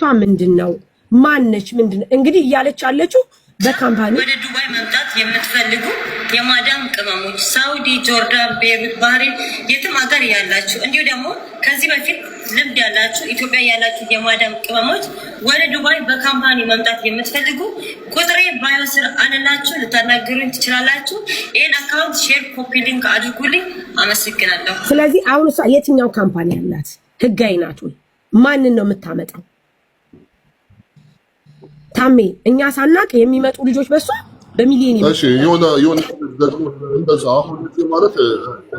ቷ ምንድን ነው ማነች ምንድን ነው እንግዲህ እያለች አለችው። በካምፓኒ ወደ ዱባይ መምጣት የምትፈልጉ የማዳም ቅመሞች ሳውዲ፣ ጆርዳን፣ ቤሩት፣ ባህሬን የትም ሀገር ያላችሁ እንዲሁ ደግሞ ከዚህ በፊት ልምድ ያላችሁ ኢትዮጵያ ያላችሁ የማዳም ቅመሞች ወደ ዱባይ በካምፓኒ መምጣት የምትፈልጉ ቁጥሬ ባዮ ስር አለላችሁ ልታናገሩኝ ትችላላችሁ። ይህን አካውንት ሼር ኮፒ ሊንክ አድርጉልኝ። አመሰግናለሁ። ስለዚህ አሁን የትኛው ካምፓኒ ያላት ህጋዊ ናት ወይ? ማንን ነው የምታመጣው? ታሜ እኛ ሳናቅ የሚመጡ ልጆች በሷ በሚሊዮን ማለት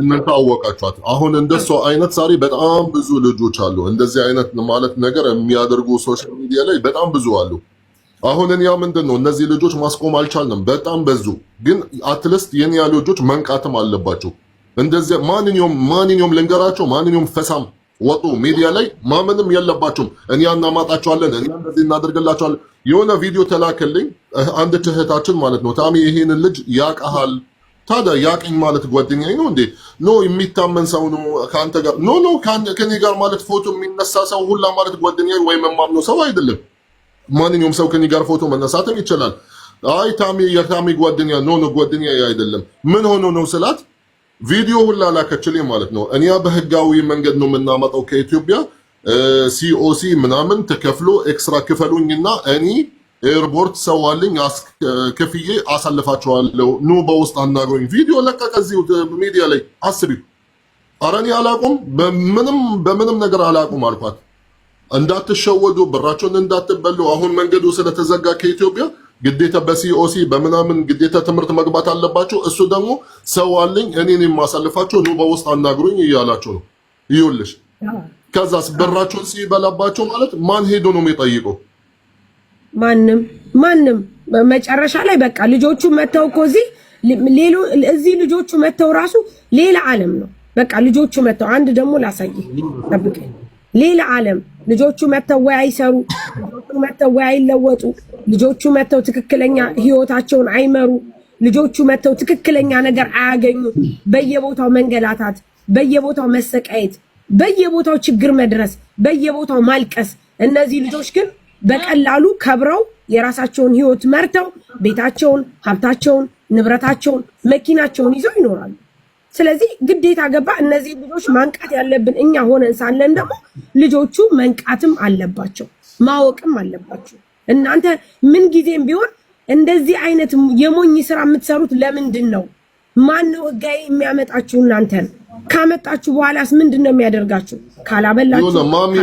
እናንተ አወቃችኋት። አሁን እንደሱ አይነት ዛሬ በጣም ብዙ ልጆች አሉ። እንደዚህ አይነት ማለት ነገር የሚያደርጉ ሶሻል ሚዲያ ላይ በጣም ብዙ አሉ። አሁን እኛ ምንድን ነው እነዚህ ልጆች ማስቆም አልቻልንም። በጣም በዙ። ግን አትሊስት የኛ ልጆች መንቃትም አለባቸው። እንደዚያ ማንኛውም ማንኛውም ልንገራቸው ማንኛውም ፈሳም ወጡ ሚዲያ ላይ ማመንም የለባችሁም። እኛ እናማጣችኋለን፣ እኛ እንደዚህ እናደርግላችኋለን። የሆነ ቪዲዮ ተላከልኝ አንድ እህታችን ማለት ነው። ታሚ ይሄንን ልጅ ያቀሃል ታዲያ ያቀኝ ማለት ጓደኛ ነው እንዴ? ኖ የሚታመን ሰው ነው ከአንተ ጋር ኖ ኖ ከኔ ጋር ማለት ፎቶ የሚነሳ ሰው ሁላ ማለት ጓደኛ ወይም የማምነው ሰው አይደለም። ማንኛውም ሰው ከኔ ጋር ፎቶ መነሳትም ይችላል። አይ ታሚ የታሚ ጓደኛ ኖ ኖ ጓደኛ አይደለም። ምን ሆኖ ነው ስላት ቪዲዮ ሁላ ላከችልኝ ማለት ነው። እኛ በህጋዊ መንገድ ነው የምናመጣው ከኢትዮጵያ ሲኦሲ ምናምን ተከፍሎ ኤክስትራ ክፈሉኝና እኔ ኤርፖርት ሰዋልኝ አለኝ አሳልፋቸዋለሁ። ኑ በውስጥ አናግሩኝ። ቪዲዮ ለቀቀ እዚሁ ሚዲያ ላይ አስቢ። ኧረ እኔ አላቁም፣ በምንም በምንም ነገር አላቁም አልኳት። እንዳትሸወዱ፣ ብራቸውን እንዳትበሉ። አሁን መንገዱ ስለተዘጋ ከኢትዮጵያ ግዴታ በሲኦሲ በምናምን ግዴታ ትምህርት መግባት አለባቸው። እሱ ደግሞ ሰው አለኝ እኔን የማሳልፋቸው ኑ በውስጥ አናግሩኝ እያላቸው ነው። ይኸውልሽ ከዛስ በራቸውን ሲበላባቸው ማለት ማን ሄዶ ነው የሚጠይቀው? ማንም ማንም። መጨረሻ ላይ በቃ ልጆቹ መተው እኮ እዚህ ሌሎ እዚህ ልጆቹ መተው ራሱ ሌላ ዓለም ነው። በቃ ልጆቹ መተው አንድ ደግሞ ላሳይ፣ ጠብቀኝ። ሌላ ዓለም ልጆቹ መተው ወይ አይሰሩ መጥተው ወይ አይለወጡ፣ ልጆቹ መጥተው ትክክለኛ ህይወታቸውን አይመሩ፣ ልጆቹ መጥተው ትክክለኛ ነገር አያገኙ፣ በየቦታው መንገላታት፣ በየቦታው መሰቃየት፣ በየቦታው ችግር መድረስ፣ በየቦታው ማልቀስ። እነዚህ ልጆች ግን በቀላሉ ከብረው የራሳቸውን ህይወት መርተው ቤታቸውን፣ ሀብታቸውን፣ ንብረታቸውን፣ መኪናቸውን ይዘው ይኖራሉ። ስለዚህ ግዴታ ገባ እነዚህ ልጆች ማንቃት ያለብን እኛ ሆነን ሳለን ደግሞ ልጆቹ መንቃትም አለባቸው። ማወቅም አለባችሁ። እናንተ ምን ጊዜም ቢሆን እንደዚህ አይነት የሞኝ ስራ የምትሰሩት ለምንድን ነው? ማን ነው ህጋዊ የሚያመጣችሁ? እናንተን ካመጣችሁ በኋላስ ምንድን ነው የሚያደርጋችሁ? ካላበላችሁ ማሚ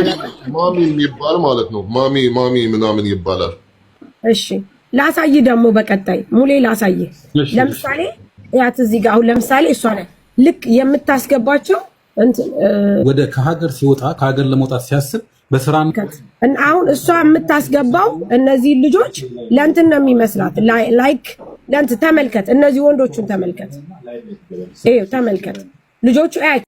ማሚ የሚባል ማለት ነው። ማሚ ማሚ ምናምን ይባላል። እሺ ላሳይ ደግሞ በቀጣይ ሙሌ ላሳይ። ለምሳሌ ያት እዚህ ጋር አሁን ለምሳሌ እሷ ልክ የምታስገባቸው ወደ ከሀገር ሲወጣ ከሀገር ለመውጣት ሲያስብ በስራ አሁን እሷ የምታስገባው እነዚህ ልጆች ለእንትን ነው የሚመስላት። ላይክ ለእንትን ተመልከት፣ እነዚህ ወንዶቹን ተመልከት፣ ተመልከት ልጆቹ